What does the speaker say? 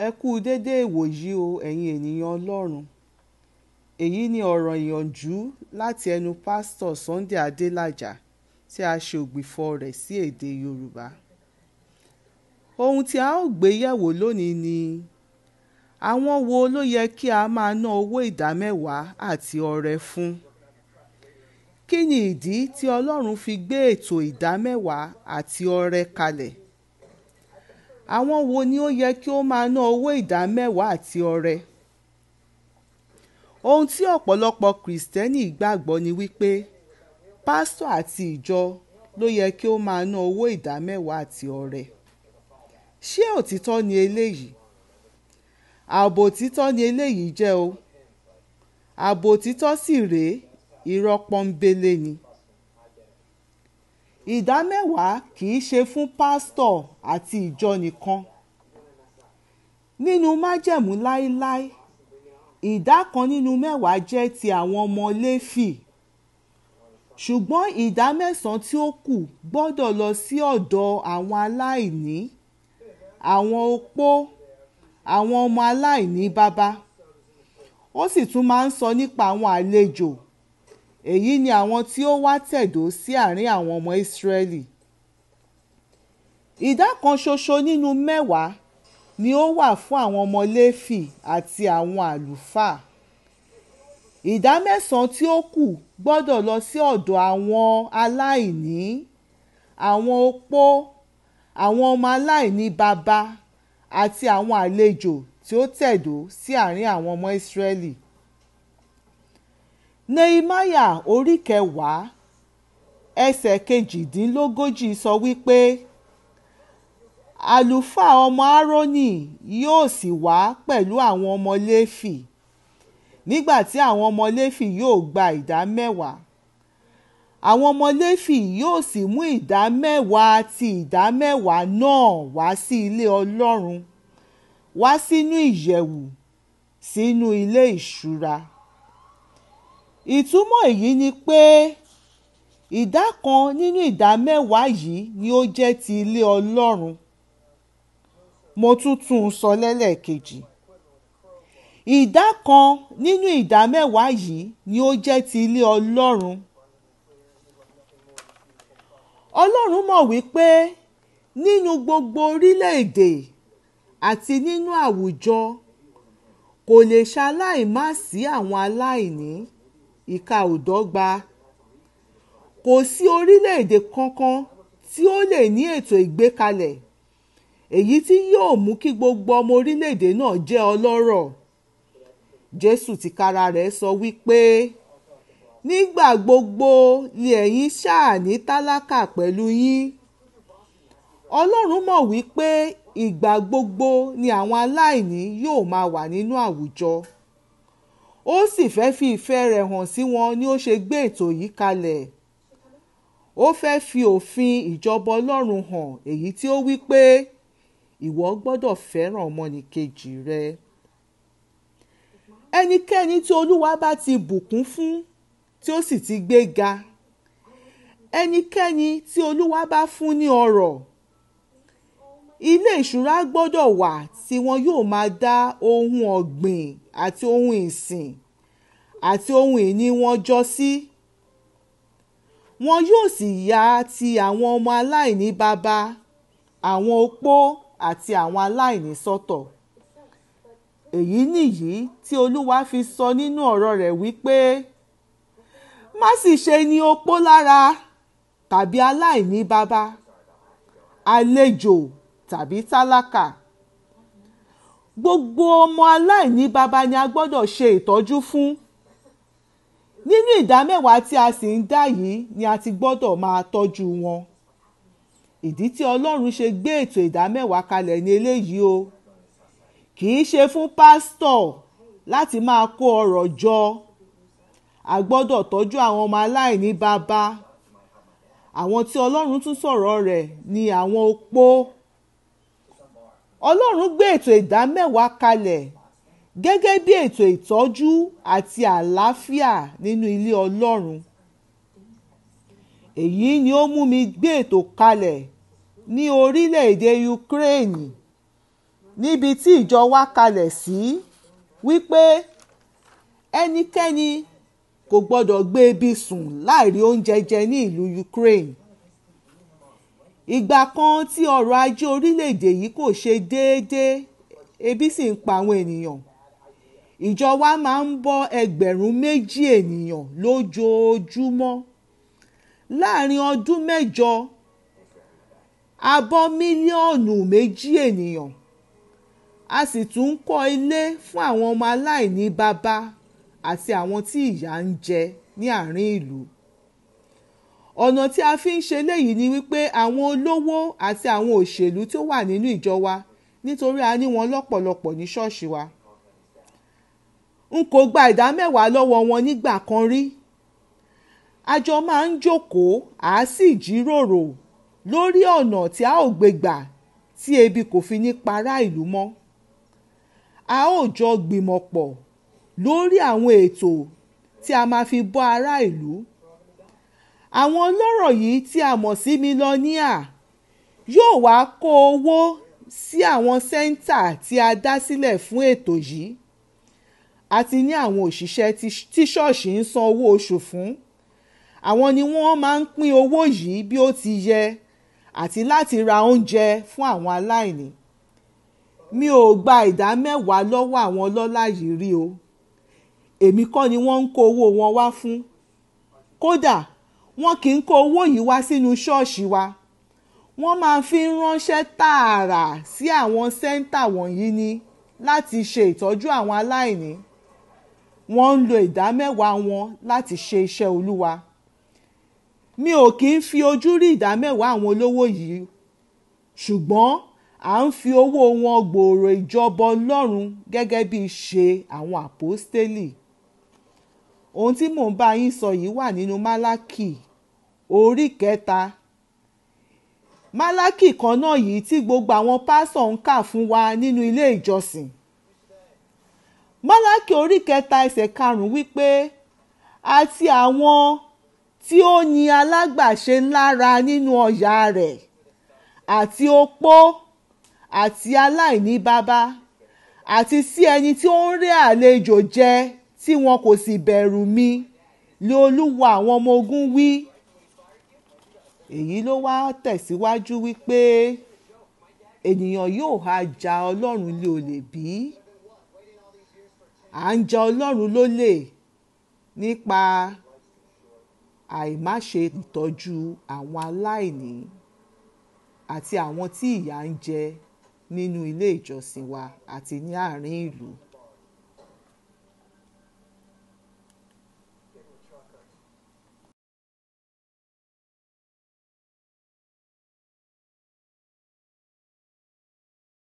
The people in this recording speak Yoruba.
Ẹ kú dédé ìwòyí o ẹ̀yin ènìyàn Ọlọ́run. Èyí ni ọ̀rọ̀ ìyànjú láti ẹnu pásítọ̀ Sunday Adélájà tí a ṣe ògbìfọ̀ rẹ̀ sí èdè Yorùbá. Ohun tí a ó gbé yẹ̀wò lónìí ni àwọn wo ló yẹ kí a máa ná owó ìdámẹ́wàá àti ọrẹ fún? Kí ni ìdí tí Ọlọ́run fi gbé ètò ìdámẹ́wàá àti ọrẹ kalẹ̀? àwọn wo ni ó yẹ kí ó máa ná owó ìdámẹ́wàá àti ọrẹ? Ohun tí ọ̀pọ̀lọpọ̀ Kìrìsìtẹ́nì gbàgbọ́ ni wípé pásítọ̀ àti ìjọ ló yẹ kí ó máa ná owó ìdámẹ́wàá àti ọrẹ. Ṣé òtítọ́ ni eléyìí? Ààbò òtítọ́ ni eléyìí jẹ́ o. Ààbò òtítọ́ sì rèé, irọ́ pọ́nńbélé ni ìdá mẹ́wàá kì í ṣe fún pásítọ̀ àti ìjọ nìkan nínú májẹ̀mú láíláí ìdá kan nínú mẹ́wàá jẹ́ ti àwọn ọmọ léfì ṣùgbọ́n ìdá mẹ́sàn-án tí ó kù gbọ́dọ̀ lọ sí ọ̀dọ̀ àwọn aláìní àwọn opó àwọn ọmọ aláìní bàbá ó sì tún máa ń sọ nípa àwọn àlejò èyí ni àwọn tí ó wá tẹ̀dó sí àárín àwọn ọmọ Ísírẹ́lì ìdá kan ṣoṣo nínú mẹ́wàá ni ó wà fún àwọn ọmọ Léfì àti àwọn àlùfáà ìdá mẹ́sàn-án tí ó kù gbọ́dọ̀ lọ sí ọ̀dọ̀ àwọn aláìní àwọn opó àwọn ọmọ aláìní baba àti àwọn àlejò tí ó tẹ̀dó sí àárín àwọn ọmọ Ísírẹ́lì nehemiah orí kẹwàá ẹsẹ̀ kejìdínlógójì sọ wípé àlùfáà ọmọ aaroni yóò sì wá pẹ̀lú àwọn ọmọ léfì nígbà tí àwọn ọmọ léfì yóò gba ìdá mẹ́wàá àwọn ọmọ léfì yóò sì mú ìdá mẹ́wàá ti ìdá mẹ́wàá náà wá sí ilé ọlọ́run wá sínú ìyẹ̀wù sínú ilé ìṣúra ìtumọ̀ èyí ni pé ìdá kan nínú ìdá mẹ́wàá yìí ni ó jẹ́ ti ilé ọlọ́run mo tún tún un sọ lẹ́lẹ́kejì ìdá kan nínú ìdá mẹ́wàá yìí ni ó jẹ́ ti ilé ọlọ́run ọlọ́run mọ̀ wípé nínú gbogbo orílẹ̀-èdè àti nínú àwùjọ kò lè ṣaláì má sí àwọn aláìní. Si ìka ò dọ́gba. Kò sí orílẹ̀-èdè kankan tí ó lè ní ètò ìgbékalẹ̀ èyí tí yóò mú kí gbogbo ọmọ orílẹ̀-èdè náà jẹ́ ọlọ́rọ̀. Jésù tìkára rẹ̀ sọ wípé nígbà gbogbo ni ẹ̀yin ṣáà ní tálákà pẹ̀lú yín. Ọlọ́run mọ̀ wípé ìgbà gbogbo ni àwọn aláìní yóò máa wà nínú àwùjọ ó sì fẹ́ fi ìfẹ́ rẹ̀ hàn sí wọn ni ó ṣe gbé ètò yìí kalẹ̀ ó fẹ́ fi òfin ìjọba ọlọ́run hàn èyí tí ó wí pé ìwọ gbọ́dọ̀ fẹ́ràn ọmọnìkejì rẹ ẹnikẹ́ni tí olúwa bá ti bùkún fún tí ó sì ti gbé ẹnikẹ́ni tí olúwa bá fún ní ọrọ̀ ilé ìṣúra gbọ́dọ̀ wà tí wọn yóò máa dá ohun ọ̀gbìn àti ohun ìsìn àti ohun ìní wọn jọ sí. Wọn yóò sì ya ti àwọn ọmọ aláìní baba, àwọn opó àti àwọn aláìní sọ́tọ̀. Èyí nìyí tí Olúwa fi sọ nínú ọ̀rọ̀ rẹ̀ wípé, Má sì ṣe ni opó lára tàbí aláìní baba, àlejò tàbí tálákà gbogbo ọmọ aláìní baba ni a gbọ́dọ̀ ṣe ìtọ́jú fún nínú ìdá mẹ́wàá tí a sì ń dá yìí ni a ti gbọ́dọ̀ máa tọ́jú wọn ìdí tí ọlọ́run ṣe gbé ètò ìdá mẹ́wàá kalẹ̀ ní eléyìí o kì í ṣe fún pásítọ̀ láti máa kó ọrọ̀ jọ a gbọ́dọ̀ tọ́jú àwọn ọmọ aláìní baba àwọn tí ọlọ́run tún sọ̀rọ̀ rẹ̀ ni àwọn opó ọlọ́run gbé ètò ìdámẹ́wàá kalẹ̀ gẹ́gẹ́ bí ètò ìtọ́jú àti àlàáfíà nínú ilé ọlọ́run èyí ni ó mú mi gbé ètò kalẹ̀ ní orílẹ̀-èdè Ukraine níbi tí ìjọ wa kalẹ̀ sí wípé ẹnikẹ́ni kò gbọ́dọ̀ gbé ebi sùn láìrí oúnjẹ jẹ ní ìlú Ukraine ìgbà kan tí ọrọ̀ ajé orílẹ̀-èdè yìí kò ṣe déédéé ebi sì ń pa àwọn ènìyàn ìjọ wa máa ń bọ́ ẹgbẹ̀rún méjì ènìyàn lójoojúmọ́ láàárín ọdún mẹ́jọ a bọ́ mílíọ̀nù méjì ènìyàn a sì tún ń kọ́ ilé fún àwọn ọmọ aláìní bàbá àti àwọn tí ìyà ń jẹ ní àárín ìlú ọ̀nà tí a fi ń ṣe léyìí ni wípé àwọn olówó àti àwọn òṣèlú tó wà nínú ìjọ wa nítorí a ní wọn lọ́pọ̀lọpọ̀ ní ṣọ́ọ̀ṣì wa n kò gba ìdá mẹ́wàá lọ́wọ́ wọn nígbà kan rí a jọ máa ń jókòó à á sì jíròrò lórí ọ̀nà tí a ò gbé gbà tí ebi kò fi ní para ìlú mọ́ a ó jọ gbìmọ̀ pọ̀ lórí àwọn ètò tí a máa fi bọ́ ará ìlú àwọn ọlọ́rọ̀ yìí tí a mọ̀ sí mílọ́níà yóò wá kó owó sí àwọn sẹ́ńtà tí a dá sílẹ̀ fún ètò yìí àti ní àwọn òṣìṣẹ́ tí ṣọ́ọ̀ṣì ń san owó oṣù fún àwọn ni wọ́n máa ń pín owó yìí bí ó ti yẹ àti láti ra oúnjẹ fún àwọn aláìní mi ò gba ìdá mẹ́wàá lọ́wọ́ àwọn ọlọ́lá yìí rí o èmi kọ́ ni wọ́n ń kó owó wọn wá fún kódà wọn kì í kó owó yìí wá sínú ṣọ́ọ̀ṣì wa wọ́n máa fi ránṣẹ́ tààrà sí àwọn sẹ́ńtà wọ̀nyí ni láti ṣe ìtọ́jú àwọn aláìní wọ́n ń lo ìdámẹ́wàá wọn láti ṣe iṣẹ́ olúwa mi ò kì í fi ojú rí ìdámẹ́wàá àwọn olówó yìí ṣùgbọ́n à ń fi owó wọn gbòòrò ìjọba ọlọ́run gẹ́gẹ́ bí ṣe àwọn àpọ́stélì ohun tí mò ń bá yín sọ yìí wà nínú málákì orí kẹta málákì kan náà yìí tí gbogbo àwọn pásọ̀ ń kà fún wa nínú ilé ìjọsìn málákì orí kẹta ẹsẹ̀ karùn-ún wípé àti àwọn tí ó ní alágbàṣe ńlára nínú ọ̀yà rẹ̀ àti opó àti aláìní bàbá àti sí ẹni tí ó ń rẹ́ àlejò jẹ tí wọn kò sì bẹ̀rù mi lé àwọn ọmọ ogun wí èyí ló wá tẹ̀síwájú wípé ènìyàn yóò ha ja ọlọ́run lé olè bí à ń ja ọlọ́run lólè nípa àìmáṣe ìtọ́jú àwọn aláìní àti àwọn tí ìyà ń jẹ nínú ilé ìjọsìn wa àti ní àárín ìlú.